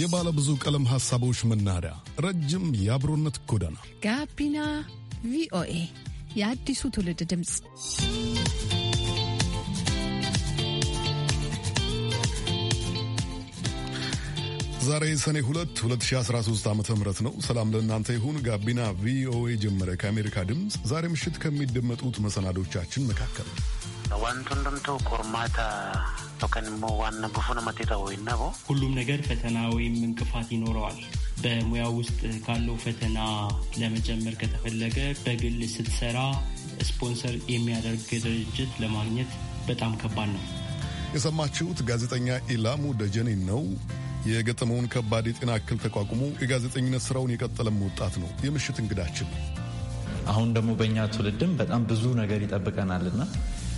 የባለ ብዙ ቀለም ሐሳቦች መናኸሪያ፣ ረጅም የአብሮነት ጎዳና ጋቢና ቪኦኤ የአዲሱ ትውልድ ድምፅ። ዛሬ ሰኔ 2 2013 ዓ ም ነው። ሰላም ለእናንተ ይሁን። ጋቢና ቪኦኤ ጀመረ። ከአሜሪካ ድምፅ ዛሬ ምሽት ከሚደመጡት መሰናዶቻችን መካከል ዋንቱ እንደምተው ኮርማታ ቶከንሞ ዋና ጉፉ ነመቴ ተወይናቦ ሁሉም ነገር ፈተና ወይም እንቅፋት ይኖረዋል። በሙያ ውስጥ ካለው ፈተና ለመጨመር ከተፈለገ በግል ስትሰራ ስፖንሰር የሚያደርግ ድርጅት ለማግኘት በጣም ከባድ ነው። የሰማችሁት ጋዜጠኛ ኢላሙ ደጀኔን ነው። የገጠመውን ከባድ የጤና እክል ተቋቁሞ የጋዜጠኝነት ስራውን የቀጠለም ወጣት ነው የምሽት እንግዳችን። አሁን ደግሞ በእኛ ትውልድም በጣም ብዙ ነገር ይጠብቀናልና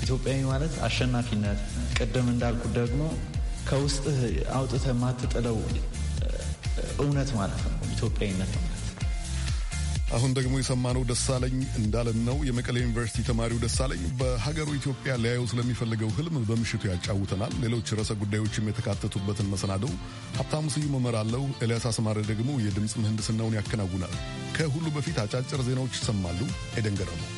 ኢትዮጵያዊ ማለት አሸናፊነት፣ ቅድም እንዳልኩት ደግሞ ከውስጥህ አውጥተህ ማትጥለው እውነት ማለት ነው። ኢትዮጵያዊነት ነው። አሁን ደግሞ የሰማነው ደሳለኝ እንዳለን ነው። የመቀሌ ዩኒቨርሲቲ ተማሪው ደሳለኝ በሀገሩ ኢትዮጵያ ሊያየው ስለሚፈልገው ህልም በምሽቱ ያጫውተናል። ሌሎች ርዕሰ ጉዳዮችም የተካተቱበትን መሰናደው ሀብታሙ ስዩም እመራለሁ። ኤልያስ አስማረ ደግሞ የድምፅ ምህንድስናውን ያከናውናል። ከሁሉ በፊት አጫጭር ዜናዎች ይሰማሉ። ኤደን ገረመው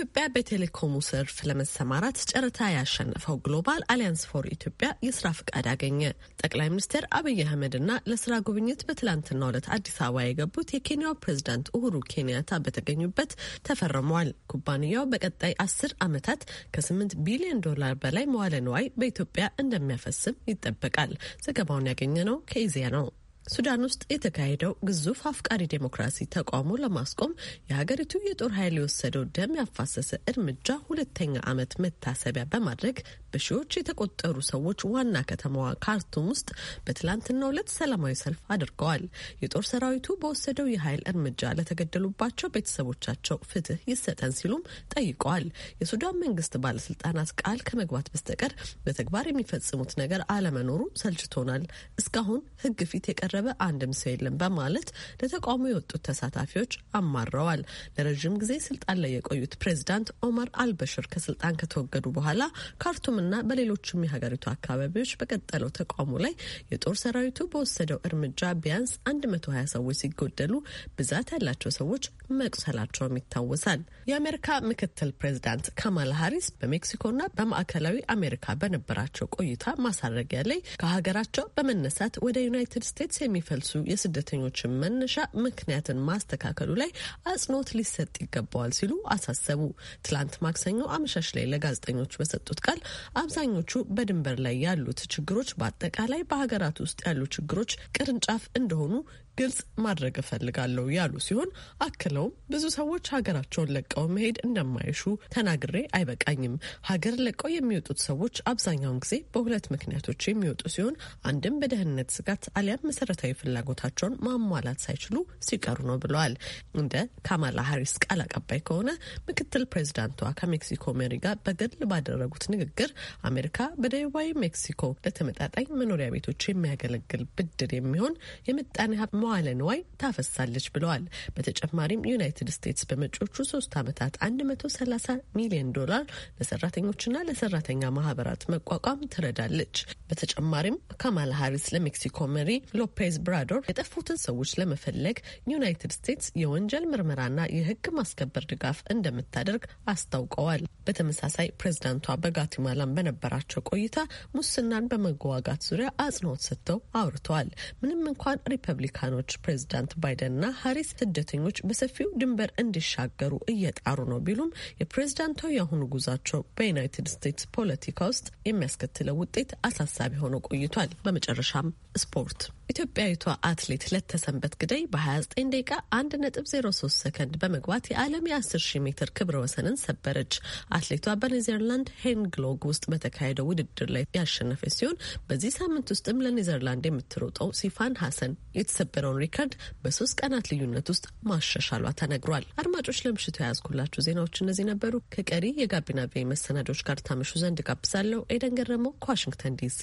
በኢትዮጵያ በቴሌኮሙ ዘርፍ ለመሰማራት ጨረታ ያሸነፈው ግሎባል አሊያንስ ፎር ኢትዮጵያ የስራ ፍቃድ አገኘ። ጠቅላይ ሚኒስትር አብይ አህመድና ለስራ ጉብኝት በትላንትናው ዕለት አዲስ አበባ የገቡት የኬንያው ፕሬዚዳንት ኡሁሩ ኬንያታ በተገኙበት ተፈርመዋል። ኩባንያው በቀጣይ አስር ዓመታት ከስምንት ቢሊዮን ዶላር በላይ መዋለ ንዋይ በኢትዮጵያ እንደሚያፈስም ይጠበቃል። ዘገባውን ያገኘ ነው ከኢዜአ ነው። ሱዳን ውስጥ የተካሄደው ግዙፍ አፍቃሪ ዴሞክራሲ ተቃውሞ ለማስቆም የሀገሪቱ የጦር ኃይል የወሰደው ደም ያፋሰሰ እርምጃ ሁለተኛ ዓመት መታሰቢያ በማድረግ በሺዎች የተቆጠሩ ሰዎች ዋና ከተማዋ ካርቱም ውስጥ በትላንትናው ዕለት ሰላማዊ ሰልፍ አድርገዋል። የጦር ሰራዊቱ በወሰደው የኃይል እርምጃ ለተገደሉባቸው ቤተሰቦቻቸው ፍትህ ይሰጠን ሲሉም ጠይቀዋል። የሱዳን መንግስት ባለስልጣናት ቃል ከመግባት በስተቀር በተግባር የሚፈጽሙት ነገር አለመኖሩ ሰልችቶናል፣ እስካሁን ህግ ፊት የቀረ የቀረበ አንድም ሰው የለም በማለት ለተቃውሞ የወጡት ተሳታፊዎች አማረዋል። ለረዥም ጊዜ ስልጣን ላይ የቆዩት ፕሬዚዳንት ኦማር አልበሽር ከስልጣን ከተወገዱ በኋላ ካርቱምና በሌሎችም የሀገሪቱ አካባቢዎች በቀጠለው ተቃውሞ ላይ የጦር ሰራዊቱ በወሰደው እርምጃ ቢያንስ 120 ሰዎች ሲጎደሉ ብዛት ያላቸው ሰዎች መቁሰላቸውም ይታወሳል። የአሜሪካ ምክትል ፕሬዚዳንት ካማላ ሀሪስ በሜክሲኮና በማዕከላዊ አሜሪካ በነበራቸው ቆይታ ማሳረጊያ ላይ ከሀገራቸው በመነሳት ወደ ዩናይትድ ስቴትስ የሚፈልሱ የስደተኞችን መነሻ ምክንያትን ማስተካከሉ ላይ አጽንኦት ሊሰጥ ይገባዋል ሲሉ አሳሰቡ። ትላንት ማክሰኞ አመሻሽ ላይ ለጋዜጠኞች በሰጡት ቃል አብዛኞቹ በድንበር ላይ ያሉት ችግሮች በአጠቃላይ በሀገራት ውስጥ ያሉ ችግሮች ቅርንጫፍ እንደሆኑ ግልጽ ማድረግ እፈልጋለሁ ያሉ ሲሆን አክለውም ብዙ ሰዎች ሀገራቸውን ለቀው መሄድ እንደማይሹ ተናግሬ አይበቃኝም። ሀገር ለቀው የሚወጡት ሰዎች አብዛኛውን ጊዜ በሁለት ምክንያቶች የሚወጡ ሲሆን አንድም በደህንነት ስጋት አሊያም መሰረታዊ ፍላጎታቸውን ማሟላት ሳይችሉ ሲቀሩ ነው ብለዋል። እንደ ካማላ ሀሪስ ቃል አቀባይ ከሆነ ምክትል ፕሬዚዳንቷ ከሜክሲኮ መሪ ጋር በግል ባደረጉት ንግግር አሜሪካ በደቡባዊ ሜክሲኮ ለተመጣጣኝ መኖሪያ ቤቶች የሚያገለግል ብድር የሚሆን የምጣኔ ሀብት መዋለ ንዋይ ታፈሳለች ብለዋል። በተጨማሪም ዩናይትድ ስቴትስ በመጪዎቹ ሶስት ዓመታት 130 ሚሊዮን ዶላር ለሰራተኞችና ለሰራተኛ ማህበራት መቋቋም ትረዳለች። በተጨማሪም ካማላ ሀሪስ ለሜክሲኮ መሪ ሎፔዝ ብራዶር የጠፉትን ሰዎች ለመፈለግ ዩናይትድ ስቴትስ የወንጀል ምርመራና የህግ ማስከበር ድጋፍ እንደምታደርግ አስታውቀዋል። በተመሳሳይ ፕሬዚዳንቷ በጓቲማላም በነበራቸው ቆይታ ሙስናን በመዋጋት ዙሪያ አጽንኦት ሰጥተው አውርተዋል። ምንም እንኳን ሪፐብሊካን ባለስልጣኖች ፕሬዚዳንት ባይደንና ሀሪስ ስደተኞች በሰፊው ድንበር እንዲሻገሩ እየጣሩ ነው ቢሉም የፕሬዚዳንታዊ የአሁኑ ጉዟቸው በዩናይትድ ስቴትስ ፖለቲካ ውስጥ የሚያስከትለው ውጤት አሳሳቢ ሆኖ ቆይቷል። በመጨረሻም ስፖርት ኢትዮጵያዊቷ አትሌት ለተሰንበት ግደይ በ29 ደቂቃ 1.03 ሰከንድ በመግባት የዓለም የ10,000 ሜትር ክብረ ወሰንን ሰበረች። አትሌቷ በኔዘርላንድ ሄንግሎግ ውስጥ በተካሄደው ውድድር ላይ ያሸነፈች ሲሆን በዚህ ሳምንት ውስጥም ለኔዘርላንድ የምትሮጠው ሲፋን ሀሰን የተሰበረውን ሪከርድ በሶስት ቀናት ልዩነት ውስጥ ማሻሻሏ ተነግሯል። አድማጮች ለምሽቱ የያዝኩላችሁ ዜናዎች እነዚህ ነበሩ። ከቀሪ የጋቢና ቪ መሰናዶች ጋር ታመሹ ዘንድ ጋብዛለሁ። ኤደን ገረመው ከዋሽንግተን ዲሲ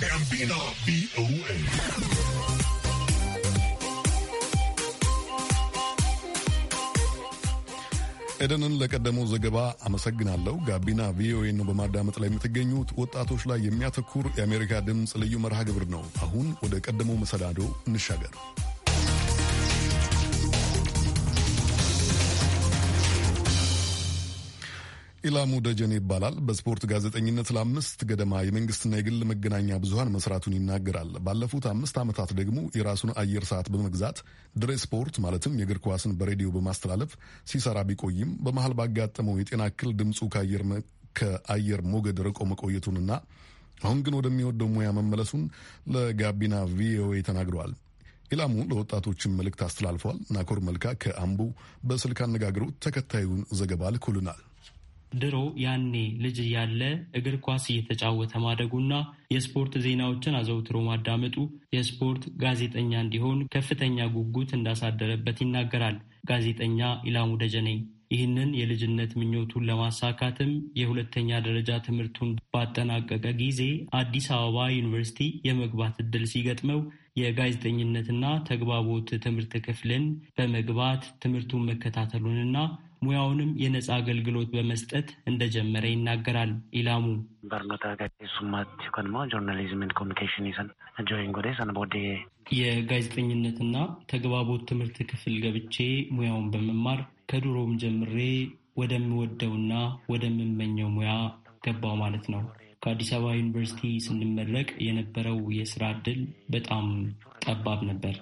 ጋቢና ቪኦኤ ኤደንን ለቀደመው ዘገባ አመሰግናለሁ። ጋቢና ቪኦኤ ነው በማዳመጥ ላይ የምትገኙት። ወጣቶች ላይ የሚያተኩር የአሜሪካ ድምፅ ልዩ መርሃ ግብር ነው። አሁን ወደ ቀደመው መሰናዶ እንሻገር። ኢላሙ ደጀኔ ይባላል። በስፖርት ጋዜጠኝነት ለአምስት ገደማ የመንግስትና የግል መገናኛ ብዙሀን መስራቱን ይናገራል። ባለፉት አምስት ዓመታት ደግሞ የራሱን አየር ሰዓት በመግዛት ድሬ ስፖርት ማለትም የእግር ኳስን በሬዲዮ በማስተላለፍ ሲሰራ ቢቆይም በመሀል ባጋጠመው የጤና እክል ድምፁ ከአየር ሞገድ ርቆ መቆየቱንና አሁን ግን ወደሚወደው ሙያ መመለሱን ለጋቢና ቪኦኤ ተናግረዋል። ኢላሙ ለወጣቶችን መልእክት አስተላልፈዋል። ናኮር መልካ ከአምቦ በስልክ አነጋግሮ ተከታዩን ዘገባ ልኩልናል። ድሮ ያኔ ልጅ እያለ እግር ኳስ እየተጫወተ ማደጉና የስፖርት ዜናዎችን አዘውትሮ ማዳመጡ የስፖርት ጋዜጠኛ እንዲሆን ከፍተኛ ጉጉት እንዳሳደረበት ይናገራል ጋዜጠኛ ኢላሙ ደጀኔ። ይህንን የልጅነት ምኞቱን ለማሳካትም የሁለተኛ ደረጃ ትምህርቱን ባጠናቀቀ ጊዜ አዲስ አበባ ዩኒቨርሲቲ የመግባት እድል ሲገጥመው የጋዜጠኝነትና ተግባቦት ትምህርት ክፍልን በመግባት ትምህርቱን መከታተሉንና ሙያውንም የነጻ አገልግሎት በመስጠት እንደጀመረ ይናገራል። ኢላሙ የጋዜጠኝነትና ተግባቦት ትምህርት ክፍል ገብቼ ሙያውን በመማር ከድሮም ጀምሬ ወደምወደውና ወደምመኘው ሙያ ገባው ማለት ነው። ከአዲስ አበባ ዩኒቨርሲቲ ስንመረቅ የነበረው የስራ እድል በጣም ጠባብ ነበር።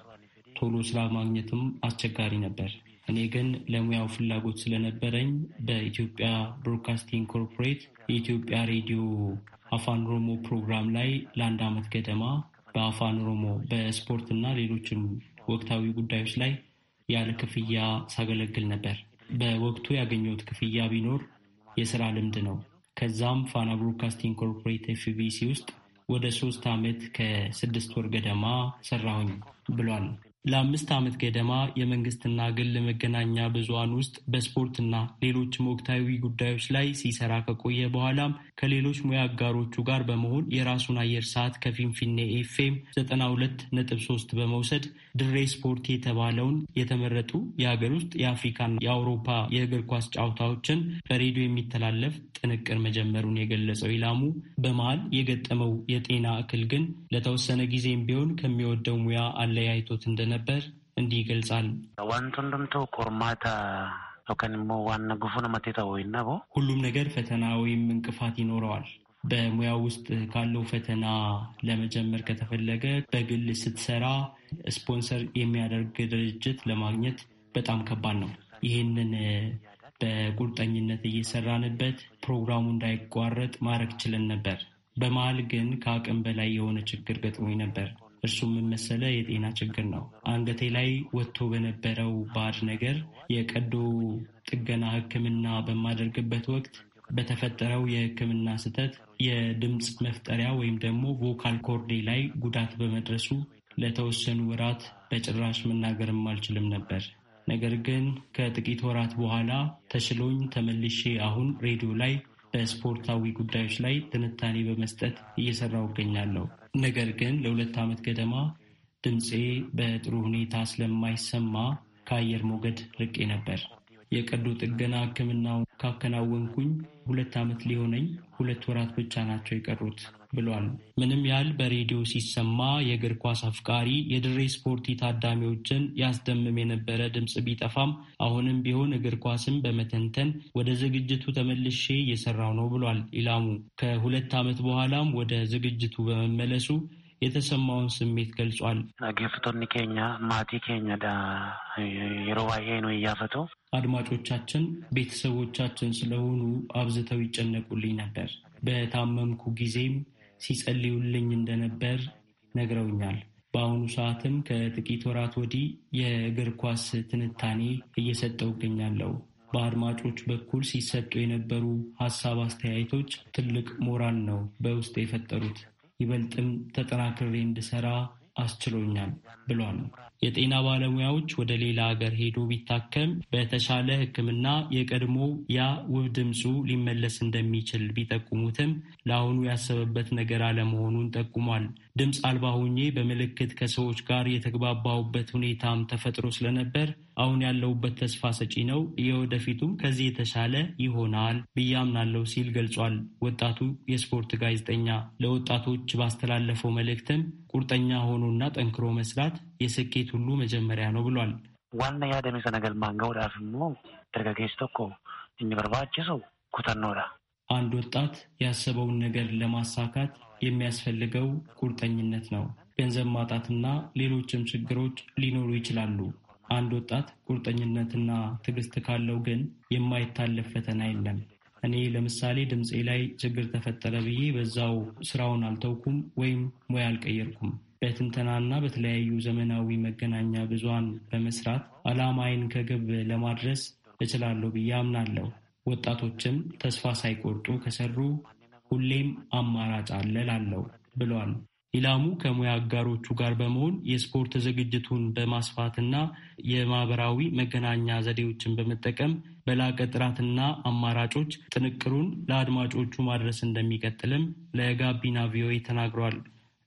ቶሎ ስራ ማግኘትም አስቸጋሪ ነበር። እኔ ግን ለሙያው ፍላጎት ስለነበረኝ በኢትዮጵያ ብሮድካስቲንግ ኮርፖሬት የኢትዮጵያ ሬዲዮ አፋን ኦሮሞ ፕሮግራም ላይ ለአንድ ዓመት ገደማ በአፋን ኦሮሞ በስፖርትና ሌሎችም ወቅታዊ ጉዳዮች ላይ ያለ ክፍያ ሳገለግል ነበር። በወቅቱ ያገኘሁት ክፍያ ቢኖር የስራ ልምድ ነው። ከዛም ፋና ብሮድካስቲንግ ኮርፖሬት ኤፍቢሲ ውስጥ ወደ ሶስት ዓመት ከስድስት ወር ገደማ ሰራሁኝ ብሏል። ለአምስት ዓመት ገደማ የመንግስትና ግል መገናኛ ብዙሃን ውስጥ በስፖርትና ሌሎችም ወቅታዊ ጉዳዮች ላይ ሲሰራ ከቆየ በኋላም ከሌሎች ሙያ አጋሮቹ ጋር በመሆን የራሱን አየር ሰዓት ከፊንፊኔ ኤፍኤም 92.3 በመውሰድ ድሬ ስፖርት የተባለውን የተመረጡ የሀገር ውስጥ የአፍሪካና የአውሮፓ የእግር ኳስ ጨዋታዎችን በሬዲዮ የሚተላለፍ ጥንቅር መጀመሩን የገለጸው ኢላሙ በመሃል የገጠመው የጤና እክል ግን ለተወሰነ ጊዜም ቢሆን ከሚወደው ሙያ አለያይቶት እንደነበር እንደነበር እንዲህ ይገልጻል። ሁሉም ነገር ፈተና ወይም እንቅፋት ይኖረዋል። በሙያው ውስጥ ካለው ፈተና ለመጀመር ከተፈለገ በግል ስትሰራ ስፖንሰር የሚያደርግ ድርጅት ለማግኘት በጣም ከባድ ነው። ይህንን በቁርጠኝነት እየሰራንበት ፕሮግራሙ እንዳይቋረጥ ማድረግ ችለን ነበር። በመሀል ግን ከአቅም በላይ የሆነ ችግር ገጥሞኝ ነበር። እርሱም መሰለ የጤና ችግር ነው። አንገቴ ላይ ወጥቶ በነበረው ባድ ነገር የቀዶ ጥገና ሕክምና በማደርግበት ወቅት በተፈጠረው የሕክምና ስህተት የድምፅ መፍጠሪያ ወይም ደግሞ ቮካል ኮርዴ ላይ ጉዳት በመድረሱ ለተወሰኑ ወራት በጭራሽ መናገርም አልችልም ነበር። ነገር ግን ከጥቂት ወራት በኋላ ተችሎኝ ተመልሼ አሁን ሬዲዮ ላይ በስፖርታዊ ጉዳዮች ላይ ትንታኔ በመስጠት እየሰራሁ እገኛለሁ። ነገር ግን ለሁለት ዓመት ገደማ ድምፄ በጥሩ ሁኔታ ስለማይሰማ ከአየር ሞገድ ርቄ ነበር። የቀዶ ጥገና ህክምናው ካከናወንኩኝ ሁለት ዓመት ሊሆነኝ ሁለት ወራት ብቻ ናቸው የቀሩት። ብሏል። ምንም ያህል በሬዲዮ ሲሰማ የእግር ኳስ አፍቃሪ የድሬ ስፖርቲ ታዳሚዎችን ያስደምም የነበረ ድምፅ ቢጠፋም አሁንም ቢሆን እግር ኳስን በመተንተን ወደ ዝግጅቱ ተመልሼ እየሰራው ነው ብሏል ኢላሙ። ከሁለት ዓመት በኋላም ወደ ዝግጅቱ በመመለሱ የተሰማውን ስሜት ገልጿል። ጌፍቶኒ ኬኛ ማቲ ኬኛ ዳ የሮባዬ ነው እያፈቶ አድማጮቻችን ቤተሰቦቻችን ስለሆኑ አብዝተው ይጨነቁልኝ ነበር። በታመምኩ ጊዜም ሲጸልዩልኝ እንደነበር ነግረውኛል። በአሁኑ ሰዓትም ከጥቂት ወራት ወዲህ የእግር ኳስ ትንታኔ እየሰጠው እገኛለሁ። በአድማጮች በኩል ሲሰጡ የነበሩ ሀሳብ አስተያየቶች ትልቅ ሞራል ነው በውስጥ የፈጠሩት። ይበልጥም ተጠናክሬ እንድሰራ አስችሎኛል ብሏል። የጤና ባለሙያዎች ወደ ሌላ ሀገር ሄዶ ቢታከም በተሻለ ሕክምና የቀድሞ ያ ውብ ድምፁ ሊመለስ እንደሚችል ቢጠቁሙትም ለአሁኑ ያሰበበት ነገር አለመሆኑን ጠቁሟል። ድምፅ አልባ ሁኜ በምልክት ከሰዎች ጋር የተግባባሁበት ሁኔታም ተፈጥሮ ስለነበር አሁን ያለሁበት ተስፋ ሰጪ ነው። የወደፊቱም ከዚህ የተሻለ ይሆናል ብዬ አምናለሁ ሲል ገልጿል። ወጣቱ የስፖርት ጋዜጠኛ ለወጣቶች ባስተላለፈው መልእክትም ቁርጠኛ ሆኖና ጠንክሮ መስራት የስኬት ሁሉ መጀመሪያ ነው ብሏል። ዋና ያደሜሰ ነገር ማንገውዳፍ ሞ ደርገጌስ ተኮ እኝበርባችሱ ኩተኖዳ አንድ ወጣት ያሰበውን ነገር ለማሳካት የሚያስፈልገው ቁርጠኝነት ነው። ገንዘብ ማጣትና ሌሎችም ችግሮች ሊኖሩ ይችላሉ። አንድ ወጣት ቁርጠኝነትና ትዕግስት ካለው ግን የማይታለፍ ፈተና የለም። እኔ ለምሳሌ ድምፄ ላይ ችግር ተፈጠረ ብዬ በዛው ስራውን አልተውኩም ወይም ሙያ አልቀየርኩም። በትንተናና በተለያዩ ዘመናዊ መገናኛ ብዙሃን በመስራት ዓላማዬን ከግብ ለማድረስ እችላለሁ ብዬ አምናለሁ። ወጣቶችም ተስፋ ሳይቆርጡ ከሰሩ ሁሌም አማራጭ አለ ላለው ብሏል። ኢላሙ ከሙያ አጋሮቹ ጋር በመሆን የስፖርት ዝግጅቱን በማስፋትና የማህበራዊ መገናኛ ዘዴዎችን በመጠቀም በላቀ ጥራትና አማራጮች ጥንቅሩን ለአድማጮቹ ማድረስ እንደሚቀጥልም ለጋቢና ቪኦኤ ተናግሯል።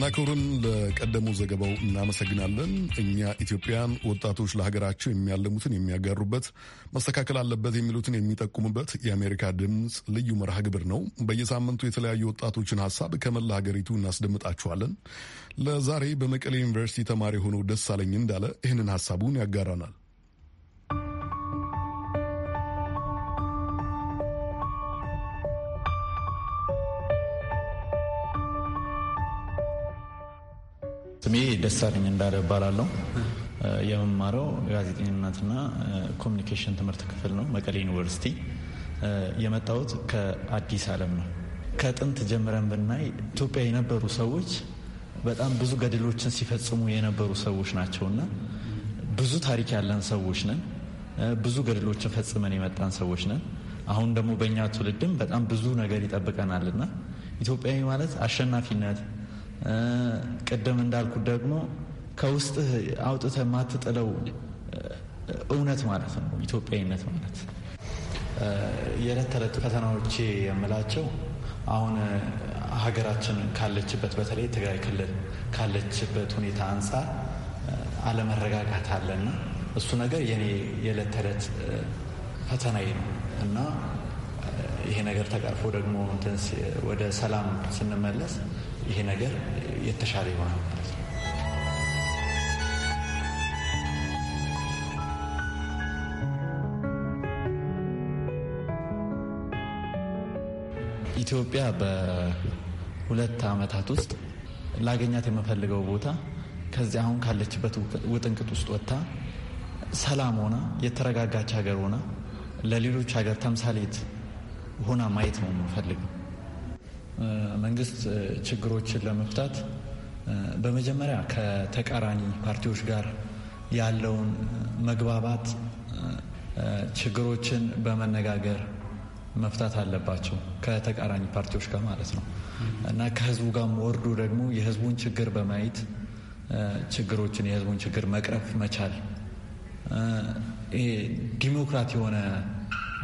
ናኮርን ለቀደሙ ዘገባው እናመሰግናለን። እኛ ኢትዮጵያን ወጣቶች ለሀገራቸው የሚያለሙትን የሚያጋሩበት፣ መስተካከል አለበት የሚሉትን የሚጠቁሙበት የአሜሪካ ድምፅ ልዩ መርሃ ግብር ነው። በየሳምንቱ የተለያዩ ወጣቶችን ሀሳብ ከመላ ሀገሪቱ እናስደምጣችኋለን። ለዛሬ በመቀሌ ዩኒቨርሲቲ ተማሪ ደስ ደሳለኝ እንዳለ ይህንን ሀሳቡን ያጋራናል። ስሜ ደሳለኝ እንዳለ እባላለሁ። የመማረው ጋዜጠኝነትና ኮሚኒኬሽን ትምህርት ክፍል ነው መቀሌ ዩኒቨርሲቲ። የመጣሁት ከአዲስ አለም ነው። ከጥንት ጀምረን ብናይ ኢትዮጵያ የነበሩ ሰዎች በጣም ብዙ ገድሎችን ሲፈጽሙ የነበሩ ሰዎች ናቸውና ብዙ ታሪክ ያለን ሰዎች ነን። ብዙ ገድሎችን ፈጽመን የመጣን ሰዎች ነን። አሁን ደግሞ በእኛ ትውልድም በጣም ብዙ ነገር ይጠብቀናልና ኢትዮጵያዊ ማለት አሸናፊነት ቅድም እንዳልኩ ደግሞ ከውስጥህ አውጥተ የማትጥለው እውነት ማለት ነው፣ ኢትዮጵያዊነት ማለት የዕለት ተዕለት ፈተናዎቼ የምላቸው አሁን ሀገራችን ካለችበት በተለይ ትግራይ ክልል ካለችበት ሁኔታ አንጻር አለመረጋጋት አለና እሱ ነገር የኔ የዕለት ተዕለት ፈተናዬ ነው እና ይሄ ነገር ተቀርፎ ደግሞ ወደ ሰላም ስንመለስ ይሄ ነገር የተሻለ ይሆናል ማለት ነው። ኢትዮጵያ በሁለት ዓመታት ውስጥ ላገኛት የምፈልገው ቦታ ከዚህ አሁን ካለችበት ውጥንቅጥ ውስጥ ወጥታ ሰላም ሆና የተረጋጋች ሀገር ሆና ለሌሎች ሀገር ተምሳሌት ሆና ማየት ነው የምፈልገው። መንግስት ችግሮችን ለመፍታት በመጀመሪያ ከተቃራኒ ፓርቲዎች ጋር ያለውን መግባባት ችግሮችን በመነጋገር መፍታት አለባቸው። ከተቃራኒ ፓርቲዎች ጋር ማለት ነው እና ከህዝቡ ጋር ወርዶ ደግሞ የህዝቡን ችግር በማየት ችግሮችን የህዝቡን ችግር መቅረፍ መቻል ዲሞክራት የሆነ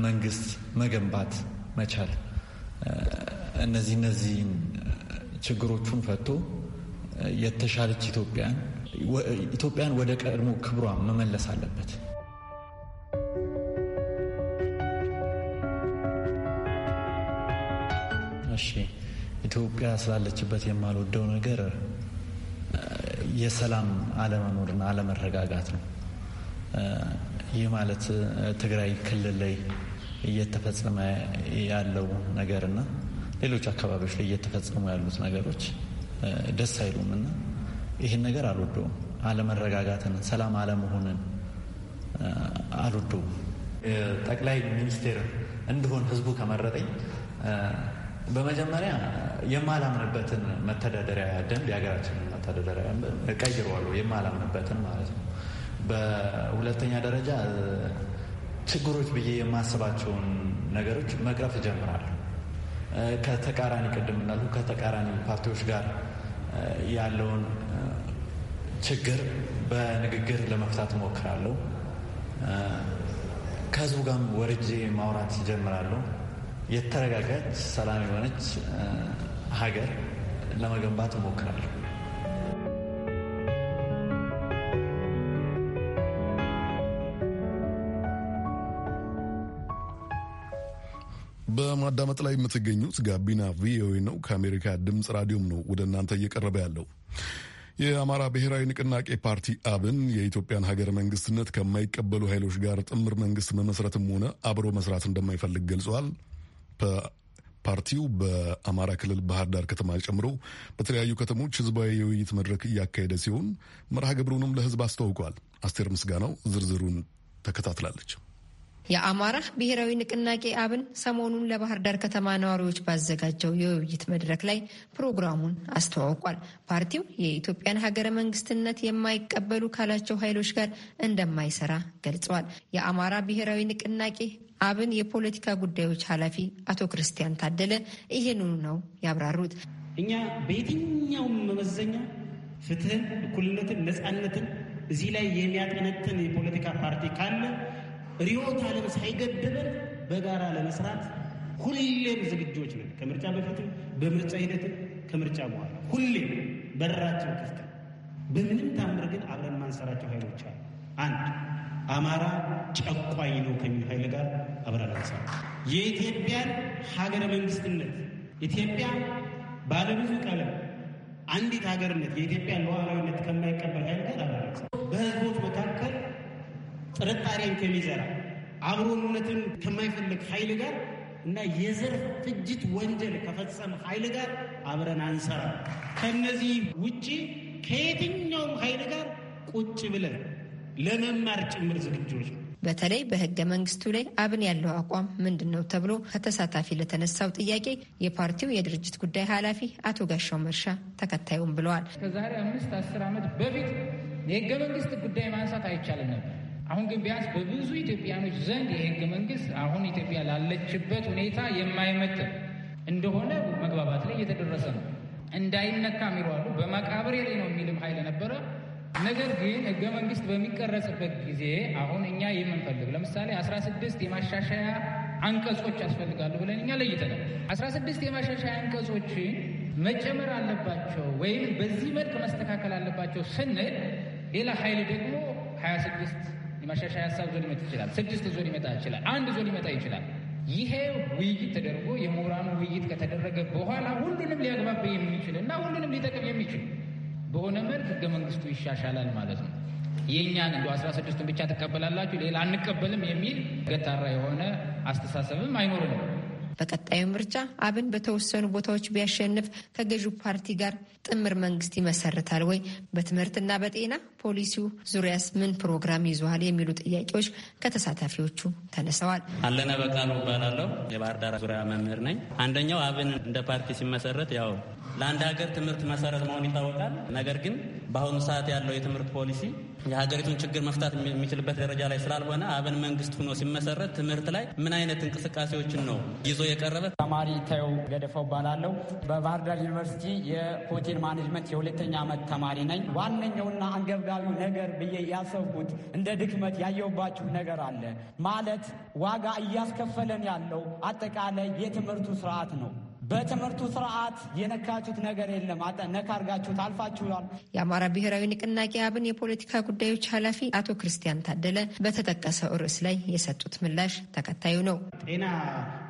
መንግስት መገንባት መቻል እነዚህ እነዚህን ችግሮቹን ፈቶ የተሻለች ኢትዮጵያን ኢትዮጵያን ወደ ቀድሞ ክብሯ መመለስ አለበት። እሺ ኢትዮጵያ ስላለችበት የማልወደው ነገር የሰላም አለመኖርና አለመረጋጋት ነው። ይህ ማለት ትግራይ ክልል ላይ እየተፈጸመ ያለው ነገርና ሌሎች አካባቢዎች ላይ እየተፈጸሙ ያሉት ነገሮች ደስ አይሉም እና ይህን ነገር አልወደውም። አለመረጋጋትን፣ ሰላም አለመሆንን አልወደውም። ጠቅላይ ሚኒስቴር እንድሆን ህዝቡ ከመረጠኝ በመጀመሪያ የማላምንበትን መተዳደሪያ ደንብ የሀገራችን መተዳደሪያ ቀይረዋለሁ፣ የማላምንበትን ማለት ነው። በሁለተኛ ደረጃ ችግሮች ብዬ የማስባቸውን ነገሮች መቅረፍ እጀምራለሁ። ከተቃራኒ ቅድም እንዳልኩ ከተቃራኒ ፓርቲዎች ጋር ያለውን ችግር በንግግር ለመፍታት እሞክራለሁ። ከህዝቡ ጋርም ወርጄ ማውራት ይጀምራለሁ። የተረጋጋች ሰላም የሆነች ሀገር ለመገንባት እሞክራለሁ። በማዳመጥ ላይ የምትገኙት ጋቢና ቪኦኤ ነው። ከአሜሪካ ድምፅ ራዲዮም ነው ወደ እናንተ እየቀረበ ያለው። የአማራ ብሔራዊ ንቅናቄ ፓርቲ አብን የኢትዮጵያን ሀገር መንግስትነት ከማይቀበሉ ኃይሎች ጋር ጥምር መንግስት መመስረትም ሆነ አብሮ መስራት እንደማይፈልግ ገልጸዋል። ፓርቲው በአማራ ክልል ባህር ዳር ከተማ ጨምሮ በተለያዩ ከተሞች ህዝባዊ የውይይት መድረክ እያካሄደ ሲሆን መርሃ ግብሩንም ለህዝብ አስተዋውቋል። አስቴር ምስጋናው ዝርዝሩን ተከታትላለች። የአማራ ብሔራዊ ንቅናቄ አብን ሰሞኑን ለባህር ዳር ከተማ ነዋሪዎች ባዘጋጀው የውይይት መድረክ ላይ ፕሮግራሙን አስተዋውቋል። ፓርቲው የኢትዮጵያን ሀገረ መንግስትነት የማይቀበሉ ካላቸው ኃይሎች ጋር እንደማይሰራ ገልጸዋል። የአማራ ብሔራዊ ንቅናቄ አብን የፖለቲካ ጉዳዮች ኃላፊ አቶ ክርስቲያን ታደለ ይህንኑ ነው ያብራሩት። እኛ በየትኛውም መመዘኛ ፍትህን፣ እኩልነትን፣ ነፃነትን እዚህ ላይ የሚያጠነጥን የፖለቲካ ፓርቲ ካለ ሪዮት ዓለም ሳይገድበን በጋራ ለመስራት ሁሌም ዝግጆች ነን። ከምርጫ በፊትም በምርጫ ሂደትም ከምርጫ በኋላ ሁሌም በራቸው ክፍት። በምንም ታምር ግን አብረን ማንሰራቸው ኃይሎች አሉ። አንድ አማራ ጨቋኝ ነው ከሚል ኃይል ጋር አብረን አንሰራ። የኢትዮጵያን ሀገረ መንግስትነት ኢትዮጵያ ባለብዙ ቀለም አንዲት ሀገርነት የኢትዮጵያን ሉዓላዊነት ከማይቀበል ኃይል ጋር አብረን አንሰራ። በህዝቦች መካከል ጥርጣሬን ከሚዘራ አብሮን እውነትን ከማይፈልግ ኃይል ጋር እና የዘር ፍጅት ወንጀል ከፈጸመ ኃይል ጋር አብረን አንሰራ። ከነዚህ ውጪ ከየትኛውም ኃይል ጋር ቁጭ ብለን ለመማር ጭምር ዝግጆች ነው። በተለይ በህገ መንግስቱ ላይ አብን ያለው አቋም ምንድን ነው ተብሎ ከተሳታፊ ለተነሳው ጥያቄ የፓርቲው የድርጅት ጉዳይ ኃላፊ አቶ ጋሻው መርሻ ተከታዩም ብለዋል። ከዛሬ አምስት አስር ዓመት በፊት የህገ መንግስት ጉዳይ ማንሳት አይቻልም ነበር አሁን ግን ቢያንስ በብዙ ኢትዮጵያኖች ዘንድ የህገ መንግስት አሁን ኢትዮጵያ ላለችበት ሁኔታ የማይመጥን እንደሆነ መግባባት ላይ እየተደረሰ ነው። እንዳይነካ የሚለዋሉ በመቃብሬ ላይ ነው የሚልም ኃይል ነበረ። ነገር ግን ህገ መንግስት በሚቀረጽበት ጊዜ አሁን እኛ የምንፈልግ ለምሳሌ 16 የማሻሻያ አንቀጾች ያስፈልጋሉ ብለን እኛ ለይተናል። 16 የማሻሻያ አንቀጾች መጨመር አለባቸው ወይም በዚህ መልክ መስተካከል አለባቸው ስንል ሌላ ኃይል ደግሞ 26 የማሻሻያ ሀሳብ ዞን ሊመጣ ይችላል። ስድስት ዞን ሊመጣ ይችላል። አንድ ዞን ሊመጣ ይችላል። ይሄ ውይይት ተደርጎ የምሁራኑ ውይይት ከተደረገ በኋላ ሁሉንም ሊያግባብ የሚችል እና ሁሉንም ሊጠቅም የሚችል በሆነ መልክ ህገ መንግስቱ ይሻሻላል ማለት ነው። የእኛን እንደ አስራ ስድስቱን ብቻ ትቀበላላችሁ ሌላ አንቀበልም የሚል ገታራ የሆነ አስተሳሰብም አይኖርንም። በቀጣዩ ምርጫ አብን በተወሰኑ ቦታዎች ቢያሸንፍ ከገዢው ፓርቲ ጋር ጥምር መንግስት ይመሰርታል ወይ? በትምህርትና በጤና ፖሊሲው ዙሪያስ ምን ፕሮግራም ይዘዋል? የሚሉ ጥያቄዎች ከተሳታፊዎቹ ተነስተዋል። አለነ በቃሉ እባላለሁ። የባህር ዳር ዙሪያ መምህር ነኝ። አንደኛው አብን እንደ ፓርቲ ሲመሰረት ያው ለአንድ ሀገር ትምህርት መሰረት መሆን ይታወቃል። ነገር ግን በአሁኑ ሰዓት ያለው የትምህርት ፖሊሲ የሀገሪቱን ችግር መፍታት የሚችልበት ደረጃ ላይ ስላልሆነ አብን መንግስት ሆኖ ሲመሰረት ትምህርት ላይ ምን አይነት እንቅስቃሴዎችን ነው ይዞ የቀረበ? ተማሪ ታየው ገደፈው እባላለሁ። በባህር ዳር ዩኒቨርሲቲ የሆቴል ማኔጅመንት የሁለተኛ ዓመት ተማሪ ነኝ። ዋነኛውና አንገብጋቢው ነገር ብዬ ያሰብኩት እንደ ድክመት ያየውባችሁ ነገር አለ ማለት ዋጋ እያስከፈለን ያለው አጠቃላይ የትምህርቱ ስርዓት ነው። በትምህርቱ ስርዓት የነካችሁት ነገር የለም፣ ነካ አርጋችሁ ታልፋችኋል። የአማራ ብሔራዊ ንቅናቄ አብን የፖለቲካ ጉዳዮች ኃላፊ አቶ ክርስቲያን ታደለ በተጠቀሰው ርዕስ ላይ የሰጡት ምላሽ ተከታዩ ነው። ጤና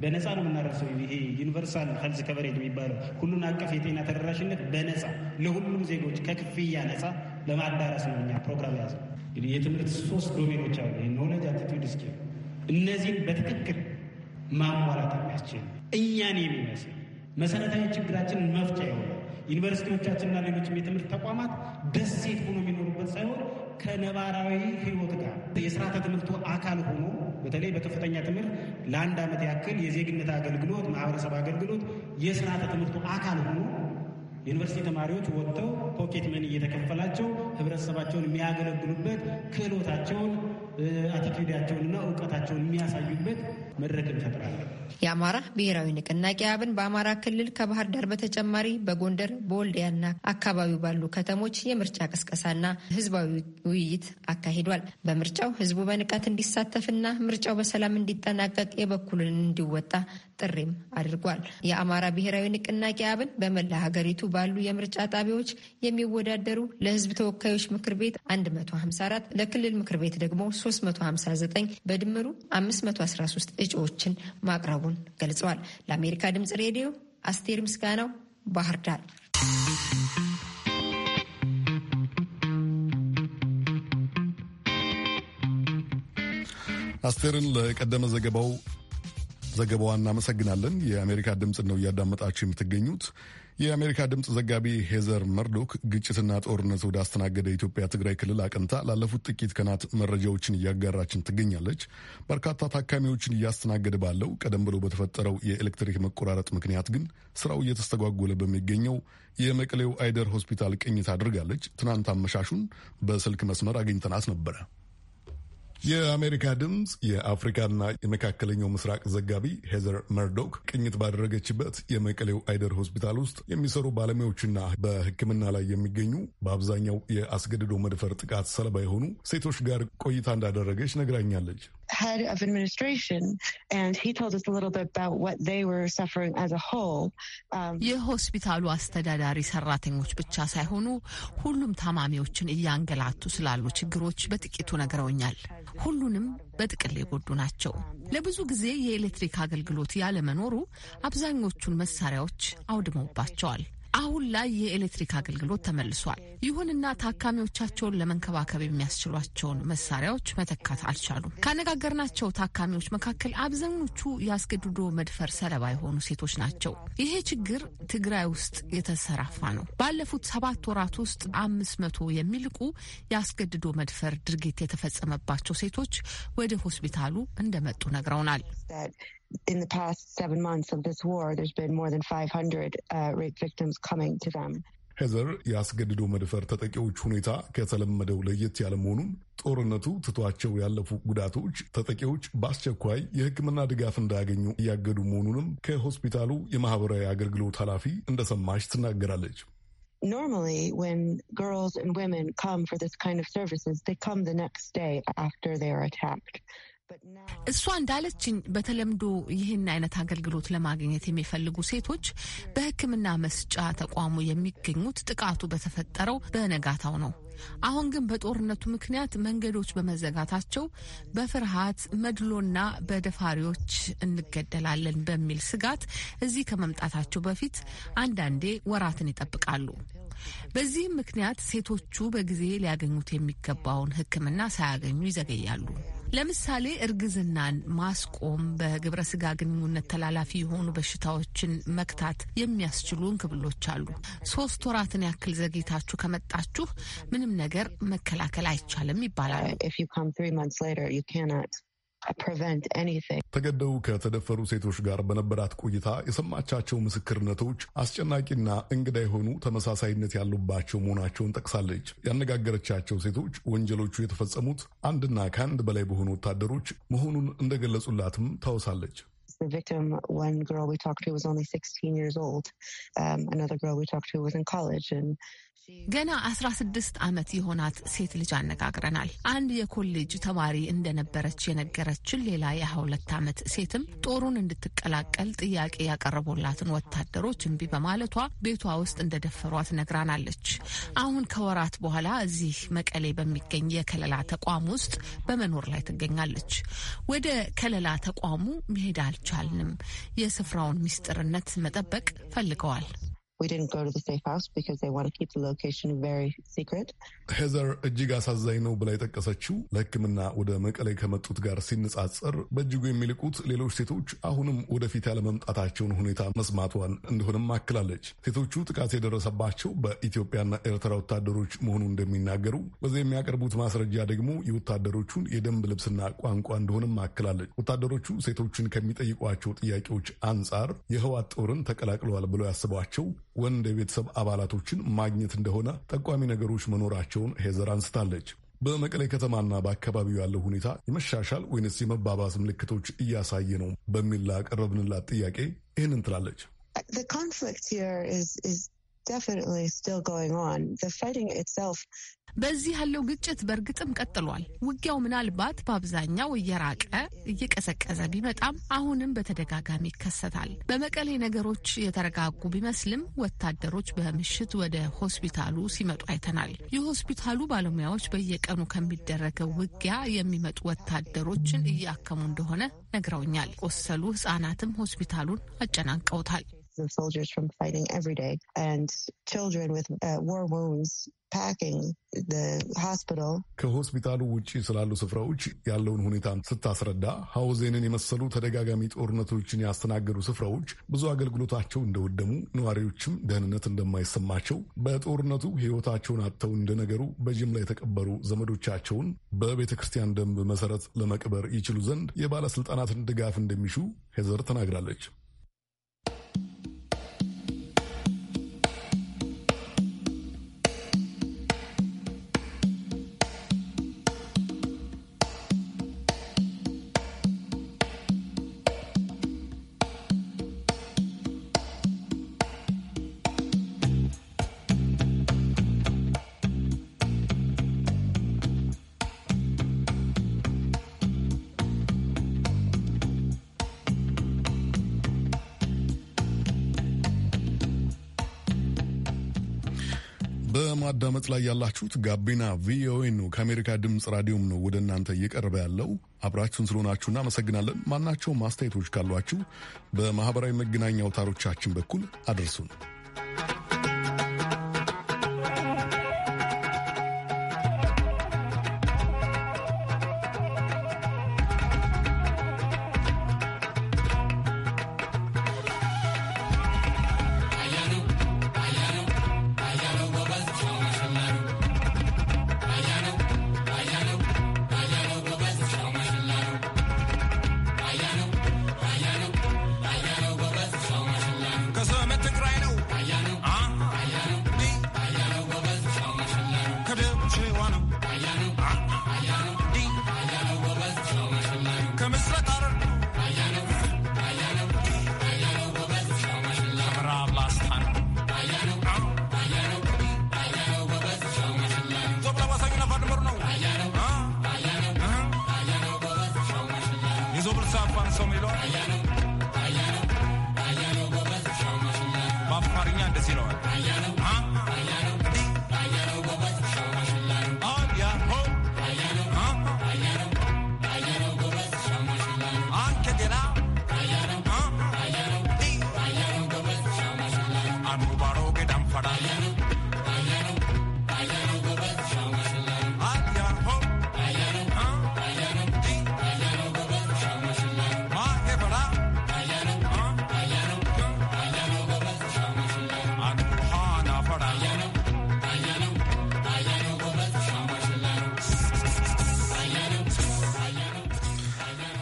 በነፃ ነው የምናደርሰው። ይሄ ዩኒቨርሳል ሄልዝ ከቨሬጅ የሚባለው ሁሉን አቀፍ የጤና ተደራሽነት በነፃ ለሁሉም ዜጎች ከክፍያ ነፃ ለማዳረስ ነው እኛ ፕሮግራም ያዘ። እንግዲህ የትምህርት ሶስት ዶሜኖች አሉ። ኖሌጅ፣ አቲቱድ፣ ስኪል እነዚህን በትክክል ማሟላት የሚያስችል እኛን የሚመስል መሰረታዊ ችግራችንን መፍቻ ይሆናል። ዩኒቨርሲቲዎቻችንና ሌሎችም የትምህርት ተቋማት ደሴት ሆኖ የሚኖሩበት ሳይሆን ከነባራዊ ሕይወት ጋር የስርዓተ ትምህርቱ አካል ሆኖ በተለይ በከፍተኛ ትምህርት ለአንድ ዓመት ያክል የዜግነት አገልግሎት፣ ማህበረሰብ አገልግሎት የስርዓተ ትምህርቱ አካል ሆኖ ዩኒቨርሲቲ ተማሪዎች ወጥተው ፖኬት መን እየተከፈላቸው ህብረተሰባቸውን የሚያገለግሉበት ክህሎታቸውን፣ አቲቲዩዳቸውንና እውቀታቸውን የሚያሳዩበት መድረክ እንፈጥራለን። የአማራ ብሔራዊ ንቅናቄ አብን በአማራ ክልል ከባህር ዳር በተጨማሪ በጎንደር በወልዲያና አካባቢው ባሉ ከተሞች የምርጫ ቅስቀሳና ህዝባዊ ውይይት አካሂዷል። በምርጫው ህዝቡ በንቃት እንዲሳተፍና ምርጫው በሰላም እንዲጠናቀቅ የበኩልን እንዲወጣ ጥሪም አድርጓል። የአማራ ብሔራዊ ንቅናቄ አብን በመላ ሀገሪቱ ባሉ የምርጫ ጣቢያዎች የሚወዳደሩ ለህዝብ ተወካዮች ምክር ቤት 154፣ ለክልል ምክር ቤት ደግሞ 359 በድምሩ 513 እጩዎችን ማቅረቡን ገልጸዋል። ለአሜሪካ ድምጽ ሬዲዮ አስቴር ምስጋናው ባህር ዳር። አስቴርን ለቀደመ ዘገባው ዘገባዋ እናመሰግናለን። የአሜሪካ ድምፅ ነው እያዳመጣችሁ የምትገኙት። የአሜሪካ ድምፅ ዘጋቢ ሄዘር መርዶክ ግጭትና ጦርነት ወዳስተናገደ ኢትዮጵያ ትግራይ ክልል አቅንታ ላለፉት ጥቂት ቀናት መረጃዎችን እያጋራችን ትገኛለች። በርካታ ታካሚዎችን እያስተናገደ ባለው ቀደም ብሎ በተፈጠረው የኤሌክትሪክ መቆራረጥ ምክንያት ግን ስራው እየተስተጓጎለ በሚገኘው የመቀሌው አይደር ሆስፒታል ቅኝት አድርጋለች። ትናንት አመሻሹን በስልክ መስመር አግኝተናት ነበረ። የአሜሪካ ድምፅ የአፍሪካና የመካከለኛው ምስራቅ ዘጋቢ ሄዘር መርዶክ ቅኝት ባደረገችበት የመቀሌው አይደር ሆስፒታል ውስጥ የሚሰሩ ባለሙያዎችና በሕክምና ላይ የሚገኙ በአብዛኛው የአስገድዶ መድፈር ጥቃት ሰለባ የሆኑ ሴቶች ጋር ቆይታ እንዳደረገች ነግራኛለች። head of administration, and he told us a little bit about what they were suffering as a whole. Um, የሆስፒታሉ አስተዳዳሪ ሰራተኞች ብቻ ሳይሆኑ ሁሉም ታማሚዎችን እያንገላቱ ስላሉ ችግሮች በጥቂቱ ነግረውኛል። ሁሉንም በጥቅል የጎዱ ናቸው። ለብዙ ጊዜ የኤሌክትሪክ አገልግሎት ያለመኖሩ አብዛኞቹን መሳሪያዎች አውድመውባቸዋል። አሁን ላይ የኤሌክትሪክ አገልግሎት ተመልሷል። ይሁንና ታካሚዎቻቸውን ለመንከባከብ የሚያስችሏቸውን መሳሪያዎች መተካት አልቻሉም። ካነጋገርናቸው ታካሚዎች መካከል አብዛኞቹ የአስገድዶ መድፈር ሰለባ የሆኑ ሴቶች ናቸው። ይሄ ችግር ትግራይ ውስጥ የተሰራፋ ነው። ባለፉት ሰባት ወራት ውስጥ አምስት መቶ የሚልቁ የአስገድዶ መድፈር ድርጊት የተፈጸመባቸው ሴቶች ወደ ሆስፒታሉ እንደመጡ ነግረውናል። in the past seven months of this war, there's been more than 500 uh, rape victims coming to them. ሄዘር የአስገድዶ መድፈር ተጠቂዎች ሁኔታ ከተለመደው ለየት ያለ መሆኑን፣ ጦርነቱ ትቷቸው ያለፉ ጉዳቶች ተጠቂዎች በአስቸኳይ የሕክምና ድጋፍ እንዳያገኙ እያገዱ መሆኑንም ከሆስፒታሉ የማህበራዊ አገልግሎት ኃላፊ እንደሰማች ትናገራለች። Normally, when girls and women come for this kind of services, they come the next day after they are attacked. እሷ እንዳለችኝ በተለምዶ ይህን አይነት አገልግሎት ለማግኘት የሚፈልጉ ሴቶች በሕክምና መስጫ ተቋሙ የሚገኙት ጥቃቱ በተፈጠረው በነጋታው ነው። አሁን ግን በጦርነቱ ምክንያት መንገዶች በመዘጋታቸው በፍርሃት መድሎና በደፋሪዎች እንገደላለን በሚል ስጋት እዚህ ከመምጣታቸው በፊት አንዳንዴ ወራትን ይጠብቃሉ። በዚህም ምክንያት ሴቶቹ በጊዜ ሊያገኙት የሚገባውን ሕክምና ሳያገኙ ይዘገያሉ። ለምሳሌ እርግዝናን ማስቆም፣ በግብረ ስጋ ግንኙነት ተላላፊ የሆኑ በሽታዎችን መክታት የሚያስችሉ እንክብሎች አሉ። ሶስት ወራትን ያክል ዘግይታችሁ ከመጣችሁ ምንም ነገር መከላከል አይቻልም ይባላል። uh, ተገደው ከተደፈሩ ሴቶች ጋር በነበራት ቆይታ የሰማቻቸው ምስክርነቶች አስጨናቂና እንግዳ የሆኑ ተመሳሳይነት ያሉባቸው መሆናቸውን ጠቅሳለች። ያነጋገረቻቸው ሴቶች ወንጀሎቹ የተፈጸሙት አንድና ከአንድ በላይ በሆኑ ወታደሮች መሆኑን እንደገለጹላትም ታወሳለች። the victim, one girl we talked to was only 16 years old. Um, another girl we talked to was in college. And ገና አስራ ዓመት የሆናት ሴት ልጅ አነጋግረናል። አንድ የኮሌጅ ተማሪ እንደነበረች የነገረችን ሌላ የ ሁለት ዓመት ሴትም ጦሩን እንድትቀላቀል ጥያቄ ያቀረቡላትን ወታደሮች እምቢ በማለቷ ቤቷ ውስጥ እንደደፈሯት ነግራናለች። አሁን ከወራት በኋላ እዚህ መቀሌ በሚገኝ የከለላ ተቋም ውስጥ በመኖር ላይ ትገኛለች። ወደ ከለላ ተቋሙ መሄድ አልቻልንም። የስፍራውን ምስጢርነት መጠበቅ ፈልገዋል። ሄዘር እጅግ አሳዛኝ ነው ብላ የጠቀሰችው ለሕክምና ወደ መቀሌ ከመጡት ጋር ሲነጻጸር በእጅጉ የሚልቁት ሌሎች ሴቶች አሁንም ወደፊት ያለመምጣታቸውን ሁኔታ መስማቷን እንደሆነም አክላለች። ሴቶቹ ጥቃት የደረሰባቸው በኢትዮጵያና ኤርትራ ወታደሮች መሆኑ እንደሚናገሩ በዚህ የሚያቀርቡት ማስረጃ ደግሞ የወታደሮቹን የደንብ ልብስና ቋንቋ እንደሆነም አክላለች። ወታደሮቹ ሴቶችን ከሚጠይቋቸው ጥያቄዎች አንጻር የህዋት ጦርን ተቀላቅለዋል ብለው ያስቧቸው ወንድ የቤተሰብ አባላቶችን ማግኘት እንደሆነ ጠቋሚ ነገሮች መኖራቸውን ሄዘር አንስታለች። በመቀሌ ከተማና በአካባቢው ያለው ሁኔታ የመሻሻል ወይንስ የመባባስ ምልክቶች እያሳየ ነው በሚል ላቀረብንላት ጥያቄ ይህንን ትላለች። በዚህ ያለው ግጭት በእርግጥም ቀጥሏል። ውጊያው ምናልባት በአብዛኛው እየራቀ እየቀዘቀዘ ቢመጣም አሁንም በተደጋጋሚ ይከሰታል። በመቀሌ ነገሮች የተረጋጉ ቢመስልም ወታደሮች በምሽት ወደ ሆስፒታሉ ሲመጡ አይተናል። የሆስፒታሉ ባለሙያዎች በየቀኑ ከሚደረገው ውጊያ የሚመጡ ወታደሮችን እያከሙ እንደሆነ ነግረውኛል። ቆሰሉ ህጻናትም ሆስፒታሉን አጨናንቀውታል። and soldiers from fighting every day and children with uh, war wounds packing the hospital. ከሆስፒታሉ ውጭ ስላሉ ስፍራዎች ያለውን ሁኔታ ስታስረዳ ሐውዜንን የመሰሉ ተደጋጋሚ ጦርነቶችን ያስተናገዱ ስፍራዎች ብዙ አገልግሎታቸው እንደወደሙ፣ ነዋሪዎችም ደህንነት እንደማይሰማቸው፣ በጦርነቱ ህይወታቸውን አጥተው እንደነገሩ በጅምላ የተቀበሩ ዘመዶቻቸውን በቤተ ክርስቲያን ደንብ መሰረት ለመቅበር ይችሉ ዘንድ የባለስልጣናትን ድጋፍ እንደሚሹ ሄዘር ተናግራለች። በማዳመጥ ላይ ያላችሁት ጋቢና ቪኦኤ ነው። ከአሜሪካ ድምፅ ራዲዮም ነው ወደ እናንተ እየቀረበ ያለው። አብራችሁን ስለሆናችሁ እናመሰግናለን። ማናቸውም አስተያየቶች ካሏችሁ በማኅበራዊ መገናኛ አውታሮቻችን በኩል አድርሱን።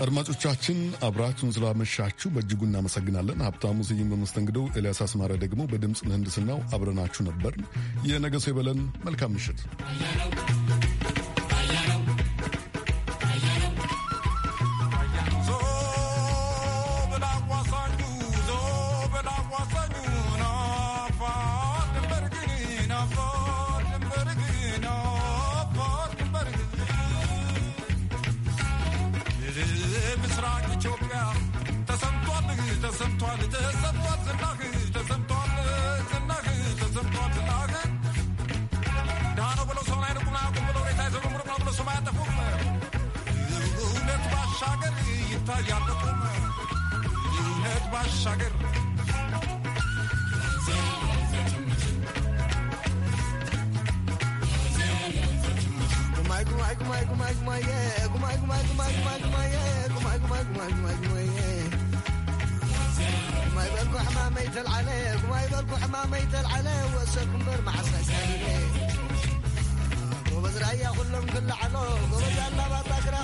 አድማጮቻችን አብራችሁን ስላመሻችሁ በእጅጉ እናመሰግናለን። ሀብታሙ ስዩም በመስተንግደው፣ ኤልያስ አስማረ ደግሞ በድምፅ ምህንድስናው አብረናችሁ ነበር። የነገ ሰው ይበለን። መልካም ምሽት። ጌታ ያለቁም ልዩነት ባሻገር ما يبلغوا حمامة يتل عليه وما يبلغوا حمامة يتل عليه واسكم برمع ساسانيه وبزرعية كلهم كل علوه وبزرعية الله بطاقرا